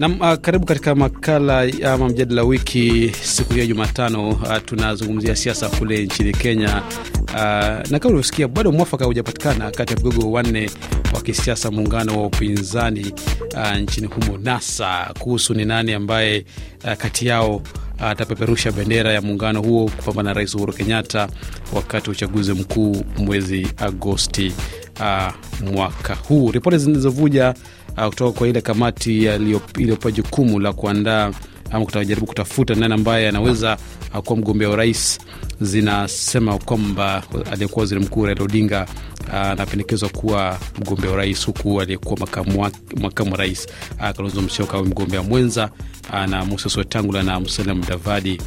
Nam uh, karibu katika makala ama mjadala wiki siku hii ya Jumatano. Uh, tunazungumzia siasa kule nchini Kenya. Uh, na kama ulivyosikia, bado mwafaka ujapatikana kati ya vigogo wanne wa kisiasa, muungano wa upinzani uh, nchini humo NASA, kuhusu ni nani ambaye uh, kati yao atapeperusha bendera ya muungano huo kupambana na Rais Uhuru Kenyatta wakati wa uchaguzi mkuu mwezi Agosti uh, mwaka huu. Ripoti zilizovuja Uh, kutoka kwa ile kamati iliyopewa jukumu la kuandaa ama kutajaribu kutafuta nani ambaye anaweza uh, kuwa mgombea wa rais zinasema kwamba aliyekuwa waziri mkuu Raila Odinga uh, anapendekezwa kuwa mgombea wa rais, huku aliyekuwa makamu, makamu wa rais Kalonzo Musyoka awe mgombea mwenza na Moses Wetangula na Musalia Mudavadi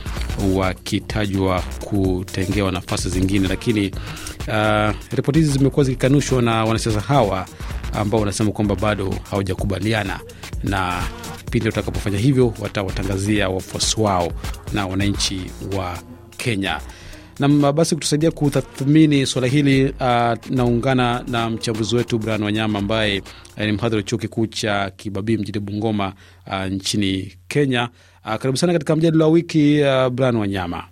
wakitajwa kutengewa nafasi zingine, lakini uh, ripoti hizi zimekuwa zikikanushwa na wanasiasa hawa ambao wanasema kwamba bado hawajakubaliana na pindi watakapofanya hivyo watawatangazia wafuasi wao na wananchi wa Kenya. Nam, basi kutusaidia kutathmini suala hili uh, naungana na mchambuzi wetu Brian Wanyama ambaye eh, ni mhadhiri wa chuo kikuu cha Kibabii mjini Bungoma uh, nchini Kenya. Uh, karibu sana katika mjadala wa wiki uh, Brian Wanyama.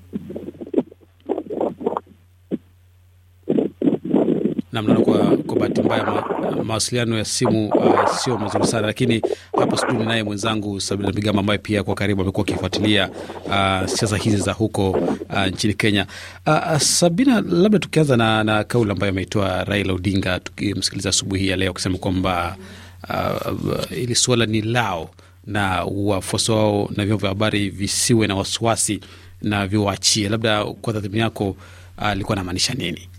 namnaona kwa, kwa bahati mbaya ma, mawasiliano ya simu uh, sio mazuri sana, lakini hapo studio naye mwenzangu Sabina Migama ambaye pia kwa karibu amekuwa akifuatilia uh, siasa hizi za huko uh, nchini Kenya. Uh, uh Sabina, labda tukianza na, na kauli ambayo ameitoa Raila Odinga tukimsikiliza asubuhi hii ya leo akisema kwamba uh, ili suala ni lao na wafuasi wao na vyombo vya habari visiwe na wasiwasi na viwaachie. Labda kwa tathmini yako alikuwa uh, anamaanisha nini?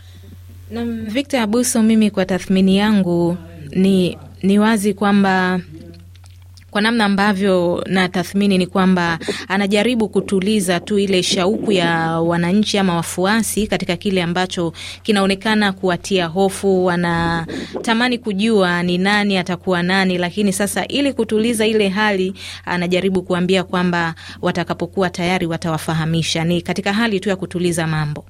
Na Victor Abuso, mimi kwa tathmini yangu ni, ni wazi kwamba kwa namna ambavyo na tathmini ni kwamba anajaribu kutuliza tu ile shauku ya wananchi ama wafuasi katika kile ambacho kinaonekana kuwatia hofu. Wanatamani kujua ni nani atakuwa nani, lakini sasa ili kutuliza ile hali anajaribu kuambia kwamba watakapokuwa tayari watawafahamisha. Ni katika hali tu ya kutuliza mambo.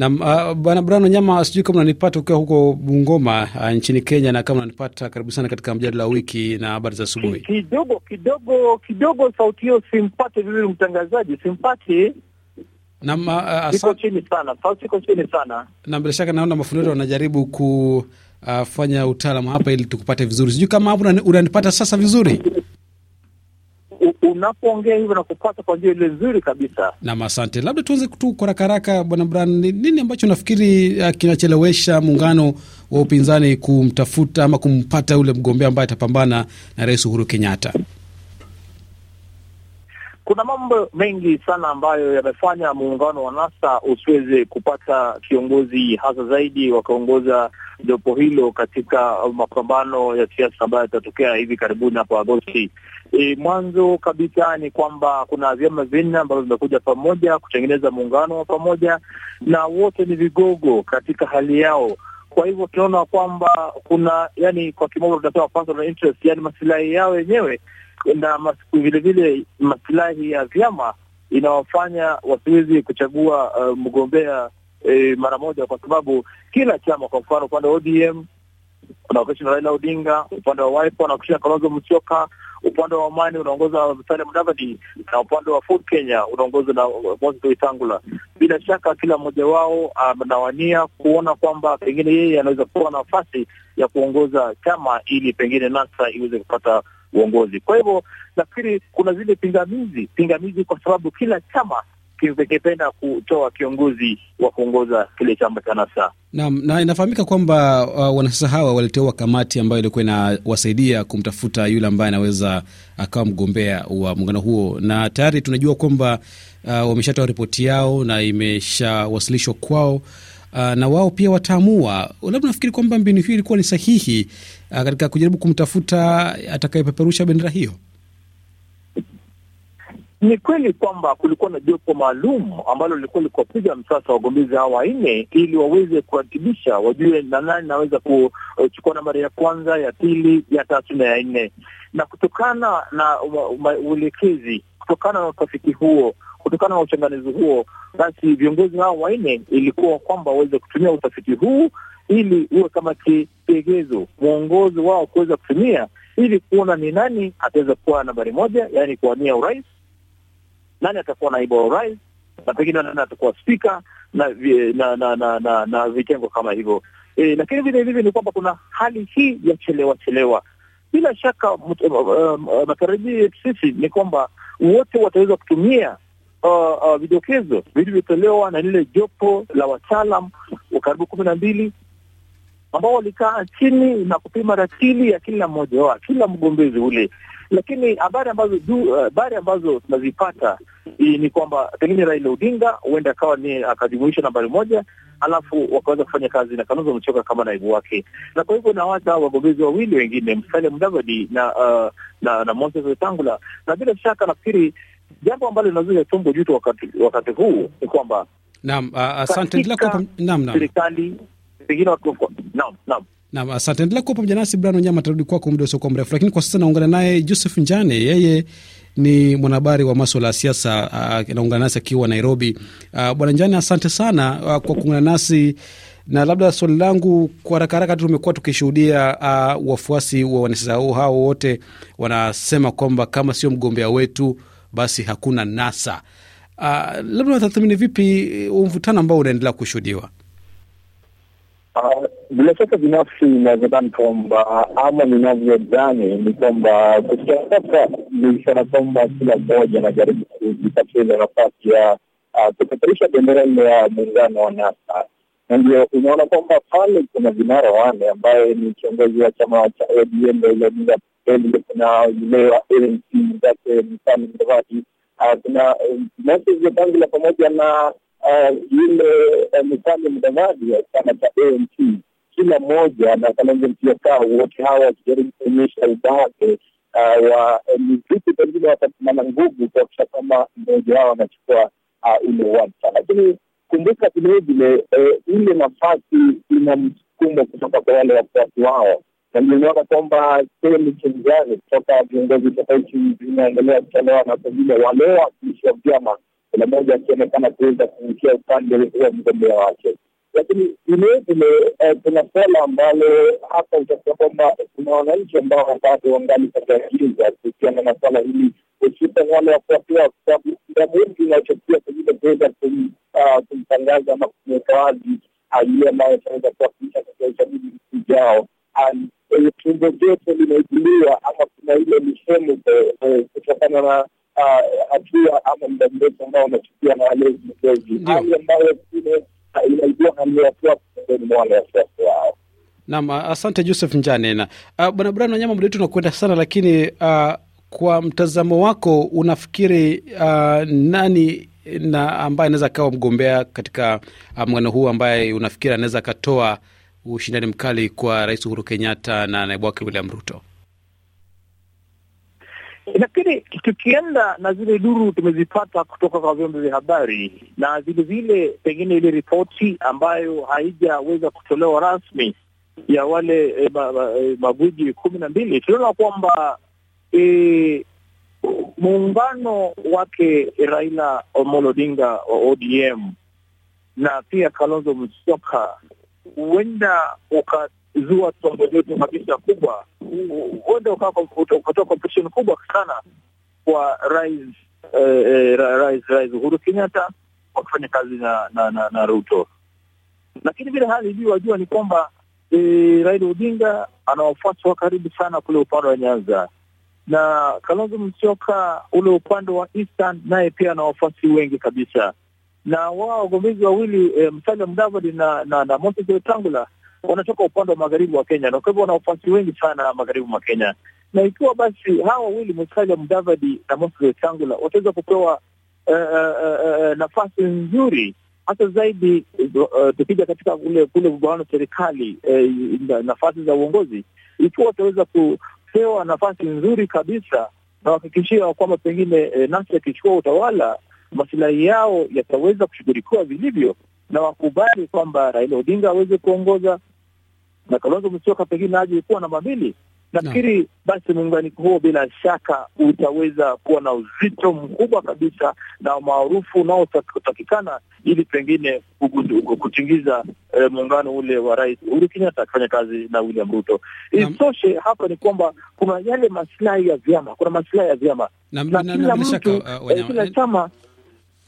Nam uh, ah, bwana nyama Wanyama, sijui kama unanipata ukiwa huko Bungoma uh, nchini Kenya, na kama unanipata, karibu sana katika mjadala wa wiki na habari za asubuhi. Kidogo kidogo kidogo, sauti hiyo simpate vizuri, mtangazaji, simpate nam uh, ah, asa... chini sana, sauti iko chini sana. Na bila shaka naona mafundi wetu wanajaribu kufanya utaalam utaalamu hapa ili tukupate vizuri. Sijui kama hapo unanipata sasa vizuri unapoongea hivyo na kupata kwa njia ile nzuri kabisa. Nam, asante. Labda tuanze tu kwa Bwana Bran, nini ambacho nafikiri uh, kinachelewesha muungano wa upinzani kumtafuta ama kumpata yule mgombea ambaye atapambana na Rais Uhuru Kenyatta? Kuna mambo mengi sana ambayo yamefanya muungano wa NASA usiweze kupata kiongozi hasa zaidi wakaongoza jopo hilo katika mapambano ya siasa ambayo yatatokea hivi karibuni hapo Agosti. E, mwanzo kabisa ni kwamba kuna vyama vinne ambavyo vimekuja pamoja kutengeneza muungano wa pamoja, na wote ni vigogo katika hali yao. Kwa hivyo tunaona kwamba kuna yani, kwa kimombo tunasema personal interest, yani masilahi yao yenyewe na vilevile masilahi ya vyama inawafanya wasiwezi kuchagua uh, mgombea eh, mara moja, kwa sababu kila chama, kwa mfano upande wa ODM unaokeshwa na Raila Odinga, upande wa Wiper unaokeshwa na Kalonzo Musyoka, upande wa Amani unaongoza na Musalia Mudavadi na upande wa Ford Kenya unaongoza na Moses Wetangula. Bila shaka kila mmoja wao um, anawania um, kuona kwamba pengine yeye anaweza kuwa nafasi ya kuongoza chama ili pengine NASA iweze kupata uongozi. Kwa hivyo nafikiri kuna zile pingamizi pingamizi, kwa sababu kila chama kingependa kutoa kiongozi wa kuongoza kile chama cha NASA. Naam, na inafahamika kwamba uh, wanasiasa hawa waliteua kamati ambayo ilikuwa inawasaidia kumtafuta yule ambaye anaweza akawa mgombea wa muungano huo, na tayari tunajua kwamba uh, wameshatoa ripoti yao na imeshawasilishwa kwao. Uh, na wao pia wataamua. Labda nafikiri kwamba mbinu hiyo ilikuwa ni sahihi, Ah, katika kujaribu kumtafuta atakayepeperusha bendera hiyo? Ni kweli kwamba kulikuwa na jopo maalum ambalo lilikuwa likuwapiga msasa wagombezi hawa wanne ili waweze kuratibisha, wajue na nani naweza kuchukua nambari ya kwanza, ya pili, ya tatu na ya nne. Na kutokana na uelekezi, kutokana na utafiti huo Kutokana na uchanganuzi huo, basi viongozi hao wanne ilikuwa kwamba waweze kutumia utafiti huu ili uwe kama kigezo, mwongozo wao kuweza kutumia ili kuona ni nani ataweza kuwa nambari moja, yaani kuwania urais, nani atakuwa naibu wa urais na pengine nani atakuwa spika na na na na, na, na vitengo kama hivyo e, lakini vile vile ni kwamba kuna hali hii ya chelewa chelewa. Bila shaka eh, eh, matarajio yetu sisi ni kwamba wote wataweza kutumia uh, uh, vidokezo vilivyotolewa na lile jopo la wataalam wa karibu kumi na mbili ambao walikaa chini na kupima ratili ya kila mmoja wa kila mgombezi ule. Lakini habari ambazo uh, habari uh, ambazo tunazipata ni kwamba pengine Raila Odinga huenda akawa ni akajumuisha nambari moja, alafu wakaweza kufanya kazi na Kalonzo Musyoka kama naibu wake, na kwa hivyo nawata wagombezi wawili wengine Musalia Mudavadi na, uh, na na Moses Wetangula, na bila shaka nafikiri jambo ambalo linazusha chombo juto wakati, wakati huu ni kwamba naam, uh, asante. Endelea kwa naam, naam, serikali pengine watu naam, naam Naam, asante. Endelea kuwa pamoja nasi. Brian Wanyama atarudi kwako muda usio kwa mrefu, lakini kwa sasa naungana naye Joseph Njane, yeye ni mwanahabari wa maswala ya siasa, anaungana nasi akiwa Nairobi. Bwana Njane, asante sana a, kwa kuungana nasi, na labda swali langu kwa haraka haraka tu, tumekuwa tukishuhudia wafuasi wa wanasiasa hao wote wanasema kwamba kama sio mgombea wetu basi hakuna nasa. Uh, labda watathmini vipi eh, mvutano ambao unaendelea kushuhudiwa? Ah, bila shaka binafsi inawezekana kwamba ama ninavyodhani ni kwamba kufikia sasa nilishana kwamba kila mmoja anajaribu kujipatia ile nafasi ya ah, kupeperusha bendera ile ya muungano wa NASA, na ndio unaona kwamba pale kuna vinara wane ambaye ni kiongozi wa chama cha ODM Raila Odinga kuna uh, um, um, yule wa ANC zake Msami Mdavadi, kuna Moses Wetangula la pamoja na yule Msami Mdavadi wa chama cha ANC, kila mmoja na Kalonzo Musyoka, wote hawa wakijaribu kuonyesha ubake uh, wa um, ni vipi pengine watatumana nguvu kuakisha kama mmoja wao anachukua uh, ule wadhifa, lakini kumbuka vilevile ile nafasi ina msukumo kutoka kwa wale wafuasi wao na niliona kwamba sehemu kinzani kutoka viongozi tofauti vinaendelea kutolewa na pengine wale wawakilishi wa vyama, kuna moja akionekana kuweza kuukia upande wa mgombea wake. Lakini vilevile eh, kuna suala ambalo hapa utakuta kwamba kuna wananchi ambao bado wangali katika giza kuhusiana na swala hili, hususan wale wafuatia, kwa sababu muda mwingi unachokia pengine kuweza ah, kumtangaza ama kumweka wazi ah, yule ambayo ataweza kuwakilisha katika uchaguzi ujao ah, viungo vyote vimeibuliwa ama kuna ile misemo kutokana na ah, hatua ama muda mrefu ambao unachukia na walezi hali ambayo ile ah, inaibua hali ya wasiwasi miongoni mwa wale wasiwasi wao. Naam, ah, asante Joseph Njane na bwana Brian Wanyama, muda wetu unakwenda sana, lakini kwa mtazamo wako unafikiri uh, nani na ambaye anaweza akawa mgombea katika mgano huu ambaye unafikiri anaweza akatoa ushindani mkali kwa Rais Uhuru Kenyatta na naibu wake William Ruto? lakini tukienda na zile duru tumezipata kutoka kwa vyombo vya habari na vilevile, pengine ile ripoti ambayo haijaweza kutolewa rasmi ya wale e, ma, ma, eh, kumi na mbili, tunaona kwamba e, muungano wake Raila Omolo Odinga wa ODM na pia Kalonzo Musyoka huenda ukazua changamoto kabisa kubwa, huenda ukatoa kompetishen kubwa sana kwa rais eh, eh rais rais Uhuru Kenyatta wakifanya kazi na na, na, na Ruto. Lakini vile hali hivi wajua ni kwamba e, Raila Odinga ana wafuasi wa karibu sana kule upande wa Nyanza na Kalonzo Musyoka ule upande wa Eastern naye pia ana wafuasi wengi kabisa na wao wagombezi wawili eh, e, Musalia Mudavadi na, na, na Moses Wetangula wanatoka upande wa magharibi wa Kenya, na kwa hivyo wana wafuasi wengi sana magharibi mwa Kenya. Na ikiwa basi hawa wawili Musalia Mudavadi na Moses Wetangula wataweza kupewa uh, uh, uh, nafasi nzuri hasa zaidi uh, tukija katika ule kule mgawano serikali uh, nafasi za uongozi, ikiwa wataweza kupewa nafasi nzuri kabisa, na wahakikishia kwamba pengine uh, nasi akichukua utawala masilahi yao yataweza kushughulikiwa vilivyo, na wakubali kwamba Raila Odinga aweze kuongoza na Kalonzo Musyoka pengine aje kuwa namba mbili. Nafikiri no. Basi muunganiko huo bila shaka utaweza kuwa na uzito mkubwa kabisa na umaarufu unaotakikana ili pengine kutingiza e, muungano ule wa Rais Uhuru Kenyatta akifanya kazi na William Ruto. Isitoshe no. hapa ni kwamba kuna yale masilahi ya vyama, kuna masilahi ya vyama na kila mtu, eh, eh, kila chama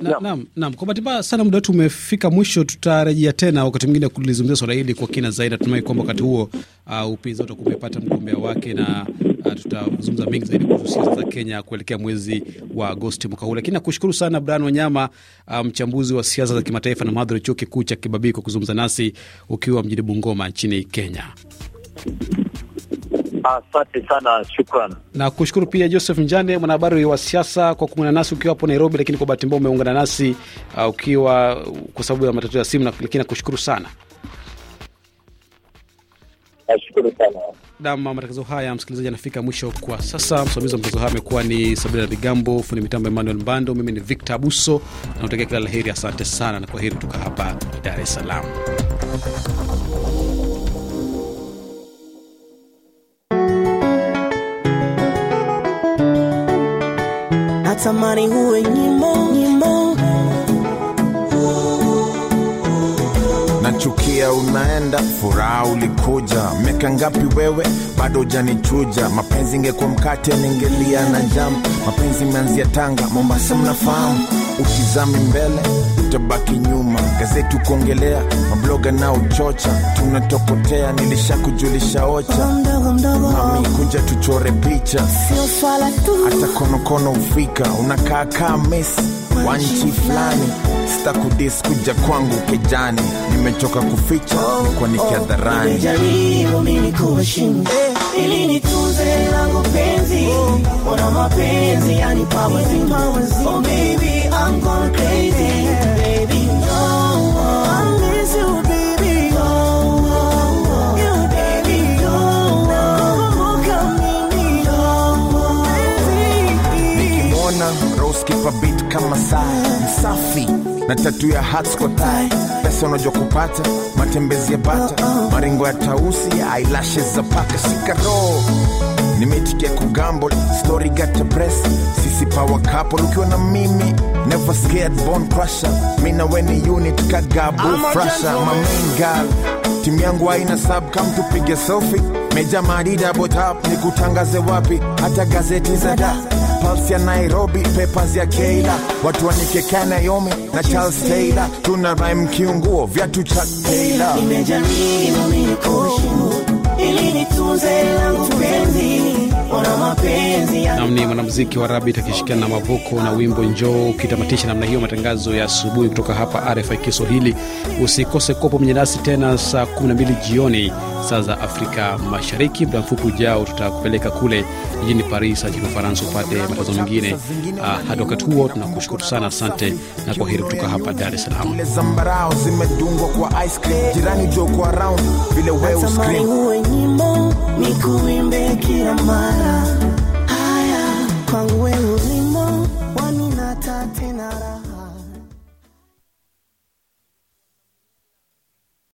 Naam, naam, Kwa bahati mbaya sana muda wetu umefika mwisho, tutarejea tena wakati mwingine kulizungumzia swala hili kwa kina zaidi. Natumai kwamba wakati huo uh, upinzani utakuwa umepata mgombea wake na uh, tutazungumza mengi zaidi kuhusu siasa za Kenya kuelekea mwezi wa Agosti mwaka huu. Lakini nakushukuru sana Brian Wanyama, uh, mchambuzi um, wa siasa za kimataifa na mhadhiri chuo kikuu cha Kibabii kwa kuzungumza nasi ukiwa mjini Bungoma nchini Kenya. Asante sana, shukran na kushukuru pia Joseph Njane, mwanahabari wa siasa, kwa kuungana nasi ukiwa hapo Nairobi, lakini kwa bahati mbaya umeungana nasi uh, ukiwa uh, kwa sababu ya matatizo ya simu, lakini nakushukuru sana. Nashukuru sana. Nam, matangazo haya msikilizaji, anafika mwisho kwa sasa. Msimamizi wa matangazo haya amekuwa ni Sabina Bigambo, fundi mitambo Emmanuel Mbando, mimi ni Victor Abuso na utakia kila la heri. Asante sana na kwa heri kutoka hapa Dar es Salaam. natamani uwe nyimbo nyimbo nachukia unaenda furaha ulikuja meka ngapi wewe bado hujanichuja mapenzi ingekuwa mkate ningelia na jam mapenzi imeanzia tanga mombasa mnafahamu ukizami mbele utabaki nyuma gazeti ukuongelea mabloga na uchocha nilisha nilishakujulisha ocha Kuja tuchore picha, sio swala tu, hata konokono ufika, unakaa kaa mesi wa nchi fulani. Sitakudis kuja kwangu kijani, nimechoka kuficha oh, oh. kwa nikiadharani. Nimejaribu mimi kuheshimu eh. ili nitunze langu penzi, ona mapenzi yanipa pawezi Oh baby I'm gonna crazy, baby no, I miss you skipa beat kama saa msafi na tatu ya hatskotai pesa unajua kupata matembezi ya bata maringo ya tausi eyelashes za paka shikaro nimetikia kugamble story gata press sisi power couple ukiwa na mimi never scared bone crusher mi na weni unit kagabu frasha girl timu yangu aina sub pick a selfie meja marida up nikutangaze wapi hata gazeti za da pubs ya Nairobi, papers ya Keila, watu wanike Kanayomi na Charles Taylor, tuna rhyme kiunguo, viatu cha Taylor. Nimejamii na ili nitunze langu penzi namni mwanamziki wa Rabi akishirikiana na Mavoko na wimbo Njoo. Ukitamatisha namna hiyo matangazo ya asubuhi kutoka hapa RFI Kiswahili. Usikose kopo mwenye nasi tena saa 12 jioni saa za Afrika Mashariki. Muda mfupi ujao, tutakupeleka kule jijini Paris ajini Ufaransa upate matangazo mengine. Ah, hadi wakati huo, tunakushukuru sana, asante na kwa heri kutoka hapa Dar es Salaam nikuimbe kila mara. Haya kwangu wewe ulimo waninata tena raha